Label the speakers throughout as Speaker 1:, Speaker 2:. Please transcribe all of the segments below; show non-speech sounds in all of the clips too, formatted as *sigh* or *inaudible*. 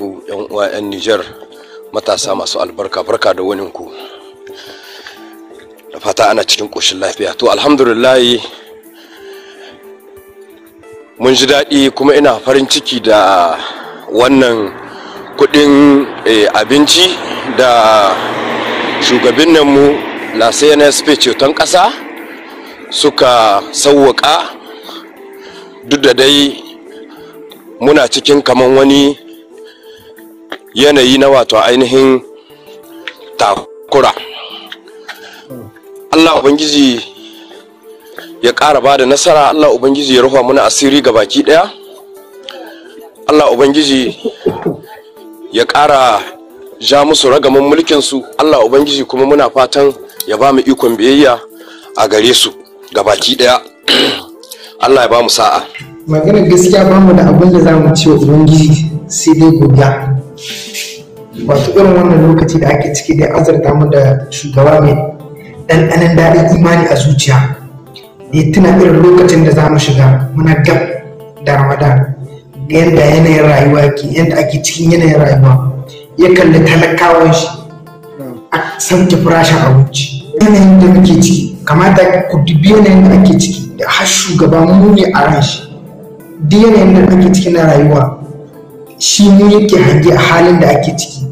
Speaker 1: ku yan uwa yan Nijar matasa masu albarka barka da wani ku da fata ana cikin koshin lafiya to alhamdulillah mun ji daɗi kuma ina farin ciki da wannan kuɗin eh, abinci da shugabin nan mu na cnsp ceton ƙasa suka sauwaƙa duk da dai muna cikin kaman wani yanayi na wato ainihin takura Allah Ubangiji ya ƙara ba da nasara Allah Ubangiji ya rufa mana asiri ga baki ɗaya Allah Ubangiji ya ƙara ja musu ragamin mulkinsu Allah Ubangiji kuma muna fatan ya ba mu ikon biyayya a gare su ga baki ɗaya *clears throat* Allah ya ba mu sa'a
Speaker 2: maganar gaskiya ba mu da abin da za mu ce Ubangiji sai dai guda wato irin wannan lokaci da ake ciki da azarta mu da shugaba mai ɗanɗanan daɗin imani a zuciya ya tuna irin lokacin da za mu shiga muna gab da ramadan ga yadda yanayin rayuwa ke yadda ake cikin yanayin rayuwa ya kalli talakawan shi a sauke farashin abinci yanayin da muke ciki kamata ku dubi yanayin da ake ciki da har shugaba mu ne a ran shi duk yanayin da ake ciki na rayuwa shi ne yake hange a halin da ake ciki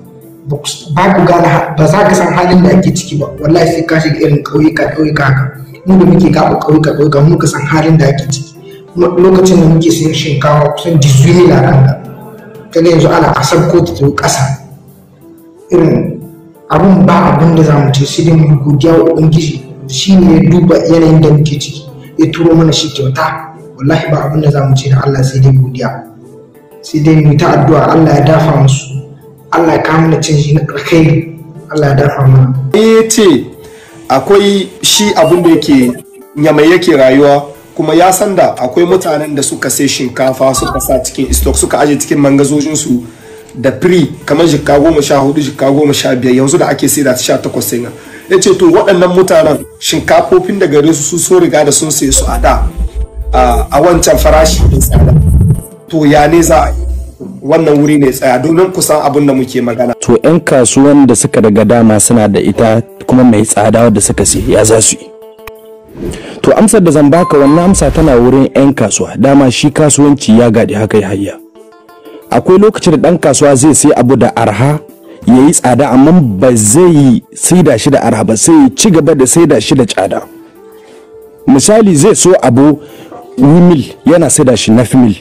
Speaker 2: ba ku gane ba za ka san halin da ake ciki ba wallahi sai ka shiga irin ƙauyuka ƙauyuka haka mu da muke gaba ƙauyuka ƙauyuka ka san halin da ake ciki lokacin da muke sayan shinkawa kusan dizuyi na ranga ta yanzu ana kasar ko ta zo ƙasa irin abun ba abun da za mu ce sai dai mu godiya wa ubangiji shi ne ya duba yanayin da muke ciki ya turo mana shi kyauta wallahi ba abun da za mu ce da Allah sai dai godiya sai dai mu ta addu'a Allah ya dafa musu Allah ya kawo mana canji na karkai Allah ya dafa mana eh ce
Speaker 3: akwai shi abin da yake yamai yake rayuwa kuma ya san da akwai mutanen da suka sai shinkafa suka sa cikin stock suka aje cikin su da free kamar jikka goma sha hudu jikka goma sha biyar yanzu da ake sai da sha takwas sai ya ce to waɗannan mutanen shinkafofin da gare su sun so riga da sun sai su a da a wancan farashi mai tsada to ya ne za a yi wannan wuri ne tsaya domin
Speaker 1: kusan abin da muke magana. To 'yan kasuwan da suka daga dama suna da ita kuma mai tsada da suka siya ya za su yi. To amsar da zan baka wannan amsa tana wurin 'yan kasuwa dama shi kasuwanci ya gadi haka ya hayya. Akwai lokacin da ɗan kasuwa zai sai abu da arha ya yi tsada amma ba zai yi sai da shi da arha ba sai ci gaba da sai da shi da tsada. Misali zai so abu wimil yana sai da shi na fimil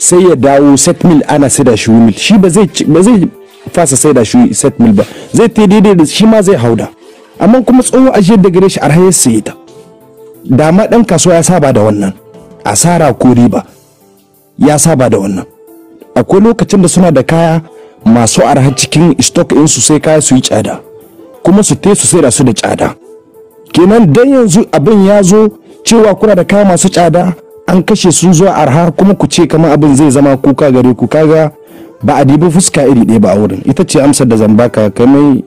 Speaker 1: sai ya dawo set mil ana sai shi mil shi ba zai fasa sai shi set mil ba zai ta daidai da shi ma zai hauda amma kuma tsohon ajiyar da gare shi arhayar sai ta dama dan kasuwa ya saba da wannan asara ko riba ya saba da wannan akwai lokacin da suna da kaya masu arha cikin stock in su sai kaya su yi tsada kuma su te su sai da su da tsada kenan dan yanzu abin ya zo cewa kuna da kaya masu tsada an kashe sun zuwa arha kuma ku ce kamar abin zai zama kuka gare ku kaga ba a dibi fuska iri ɗaya ba a wurin ita ce amsar da zan baka kai mai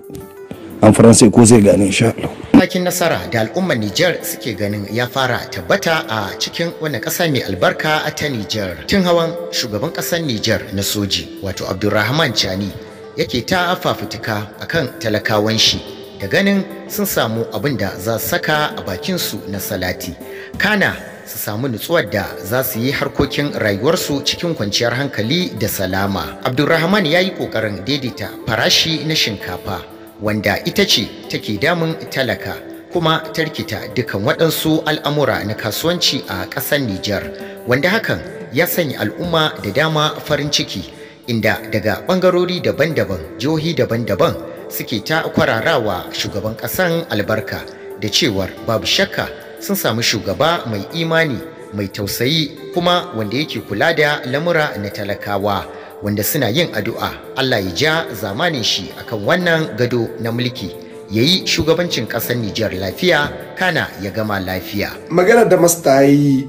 Speaker 1: an faransa ko zai gane insha Allah.
Speaker 4: Makin nasara da al'ummar Nijar suke ganin ya fara tabbata a cikin wani ƙasa mai albarka ta Nijar. Tun hawan shugaban ƙasar Nijar na soji wato Abdulrahman Chani yake ta fafutuka akan talakawan shi da ganin sun samu abin da za saka a bakinsu na salati. Kana su samu nutsuwar da za su yi harkokin rayuwarsu cikin kwanciyar hankali da salama. Abdulrahman ya yi ƙoƙarin daidaita farashi na shinkafa wanda ita ce take damun talaka kuma tarkita dukan waɗansu al'amura na kasuwanci a ƙasar Nijar wanda hakan ya sanya al'umma da dama farin ciki inda daga ɓangarori daban-daban jihohi daban-daban suke ta kwararawa shugaban ƙasan albarka da cewar babu shakka sun samu shugaba mai imani mai tausayi kuma wanda yake kula da lamura na talakawa wanda suna yin addu'a Allah ya ja zamanin shi akan wannan gado na mulki ya yi shugabancin ƙasar Nijar lafiya kana ya gama lafiya.
Speaker 3: Magana da mastayi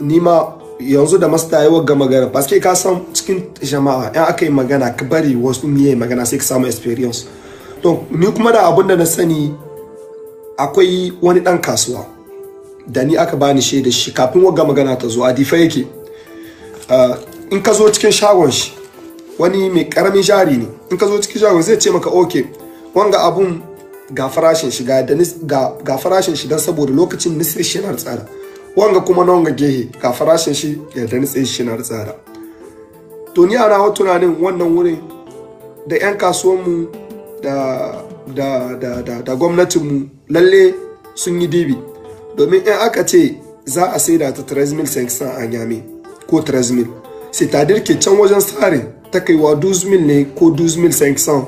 Speaker 3: nima yanzu da mastayi wa gama magana ba ka san cikin jama'a ɗan aka yi magana ka bari wasu ne magana sai ka samu experience to ni kuma da abin da na sani akwai wani ɗan kasuwa da ni aka bani shaida shi kafin wagga magana ta zo a difa yake uh, in ka zo cikin shagon shi wani mai karamin jari ne in ka zo cikin shagon zai ce maka oke wanga abun ga farashin shi ga farashin shi don saboda lokacin nisir shi na tsada wanga kuma na wanga gehe ga farashin shi da nisir shi na tsada to ni ana tunanin wannan wurin da 'yan kasuwanmu da da da da gwamnatinmu lalle sun yi dibi domin in aka ce za a saida ta 3500 a yami ko 3000 sai ke can wajen tsarin ta kaiwa 2,000 ne ko 12500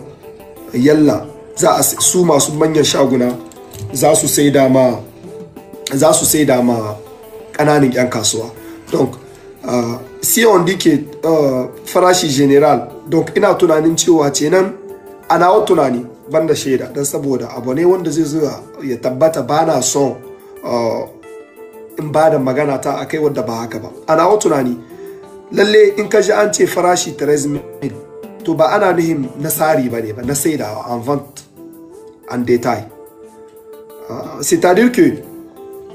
Speaker 3: yalla za a su masu manyan shaguna za su saida ma za su saida ma kananan yan kasuwa don uh, wanda ke farashi general don ina tunanin cewa ce kenan ana tunani banda shaida don saboda abu ne wanda zai zo ya tabbata ba na son in ba da magana ta a akai wadda ba haka ba a nawa tunani lalle in ka ji an ce farashi 3,000 to ba ana nuhin na tsari ba ne ba na saidawa an vant an detail ah, cest que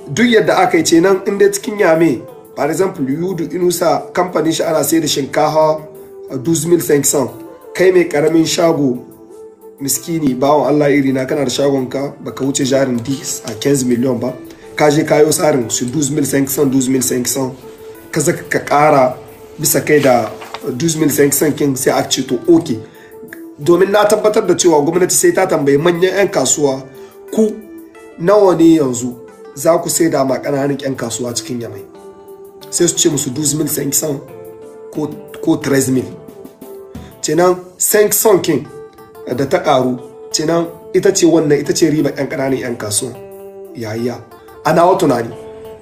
Speaker 3: duk yadda aka yi ce nan in dai cikin yame par exemple yudu inusa kamfani shi ana sai da shinkafa 12,500 kai mai karamin shago miskini bawon allah iri na kana da ka baka wuce jarin dis a 15 million ba ka je kayo tsarin su 12,500 12,500 ka zaka ka kara bisa kai da 12,500 kin sai a ce to ok domin na tabbatar da cewa gwamnati sai ta tambayi manyan 'yan kasuwa ku nawa ne yanzu za ku sai da ma ƙananan 'yan kasuwa cikin yamai sai su ce musu 12,500 ko 13,000 cinan 500 kin da ta ƙaru cinan ita ce wannan ita ce riba 'yan ƙananan 'yan kasuwa yayya à Naotonari.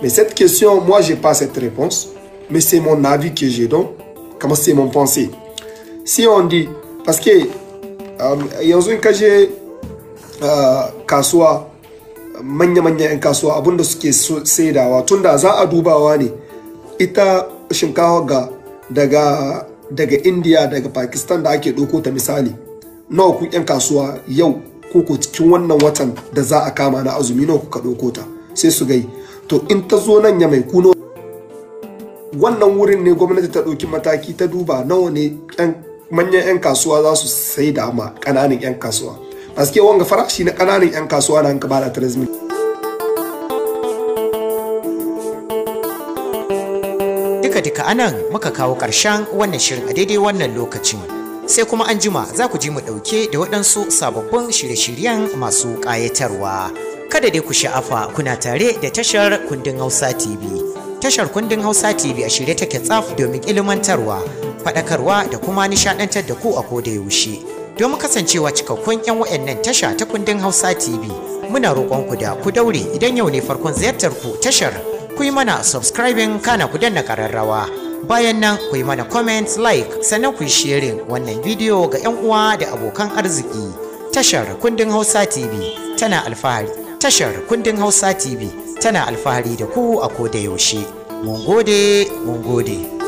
Speaker 3: Mais cette question, moi, je n'ai pas cette réponse, mais c'est mon avis que j'ai donc, comment c'est mon pensée. Si on dit, parce que yanzu in ka je kasuwa manya-manyan kasuwa da suke saidawa tunda za a dubawa ne ita shinkawa ga daga daga india daga pakistan da ake ɗauko ta misali nawa ku 'yan kasuwa yau ko cikin wannan watan da za a kama na azumi nawa kuka ɗauko ta sai su gai to in ta zo nan ya mai kuno wannan wurin ne gwamnati ta ɗauki mataki ta duba nawa ne manyan 'yan kasuwa za su sai da ma ƙananan 'yan kasuwa a suke wanga farashi na ƙananan 'yan kasuwa na hanka bada
Speaker 4: transmit duka-duka anan muka kawo ƙarshen wannan shirin a daidai wannan lokacin sai kuma an jima za ku ji mu ɗauke da waɗansu sababbin shirye-shiryen masu ƙayatarwa. kada dai ku sha'afa kuna tare da tashar kundin Hausa TV. Tashar kundin Hausa TV a shirye take tsaf domin ilmantarwa, faɗakarwa da kuma nishaɗantar da ku a koda yaushe. Domin kasancewa cikakkun 'yan wayannan tasha ta kundin Hausa TV, muna roƙon ku da ku daure idan yau ne farkon ziyartar ku tashar, ku yi mana subscribing kana ku danna ƙararrawa. Bayan nan ku yi mana comment, like, sannan ku yi sharing wannan bidiyo ga 'yan uwa da abokan arziki. Tashar kundin Hausa TV tana alfahari tashar kundin Hausa TV tana alfahari da ku a koda yaushe. Mun gode, mun gode.